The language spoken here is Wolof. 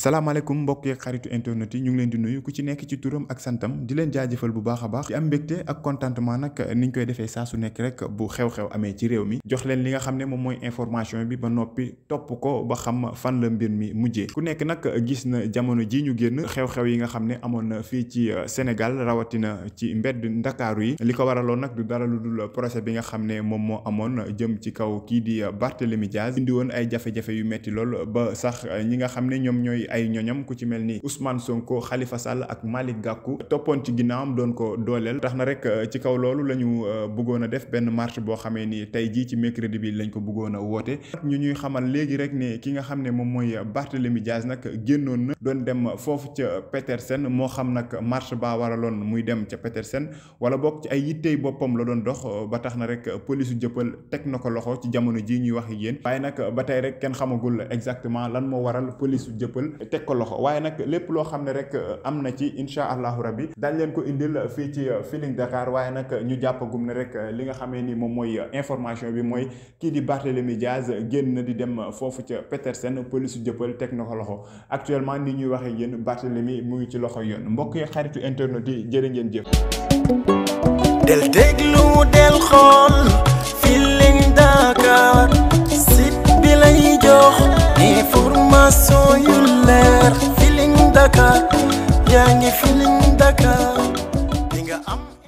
salaamaaleykum mbokk yeeg xaritu internet yi ñu ngi leen di nuyu ku ci nekk ci turam ak santam di leen jaajëfal bu baax a baax di am mbégte ak contentement nag niñ koy defee saa su nekk rek bu xew amee ci réew mi jox leen li nga xam ne moom mooy bi ba noppi topp ko ba xam fan la mbir mi mujjee ku nekk nag gis na jamono ji ñu génn xew-xew yi nga xam ne amoon na fii ci euh, Sénégal rawatina ci mbedd ndakaaru yi li ko waraloon nag du dara lu dul procès bi nga xam ne moom moo amoon jëm ci kaw kii di Barthélémy Diaz indi woon ay jafe-jafe yu metti lool ba sax ñi nga xam ne ñoom ñooy ay ñoñam ku ci mel ni Ousmane Sonko Khalifa Sall ak Malick gàkku toppoon ci ginnaawam doon ko dooleel tax na rek euh, ci kaw loolu la ñu euh, bëggoon a def benn marche boo xamee ni tey jii ci mercredi bi lañ ko bëggoon a woote ñu ñuy xamal léegi rek ne ki nga xam ne moom mooy Barthélemy Diaz nag génnoon na doon dem foofu ca Petersen moo xam nag marche baa waraloon muy dem ca Petersen wala bokk ci ay yittey boppam la doon dox ba tax na rek polisu jëppal teg na ko loxo ci jamono jii ñuy wax yéen waaye nag ba tey rek kenn xamagul exactement lan moo waral polisu jëppal teg ko loxo waaye nag lépp loo xam ne rek euh, am na ci incha allahu rabbi dañ leen ko indil euh, fii ci euh, Feeling Dakar waaye nag ñu jàppagum ne rek li nga xamee ni moom mooy information bi mooy kii di Barthélémy Diaz génn na di dem foofu ca Petersen police jëppal teg na ko loxo actuellement ni ñuy waxee yéen Barthélémy mu ngi ci loxo yoon mbokk yi xaritu internet yi jërë ngeen jëf. del déglu del xool. information yu leer Feeling Dakar yaa ngi Feeling Dakar di nga am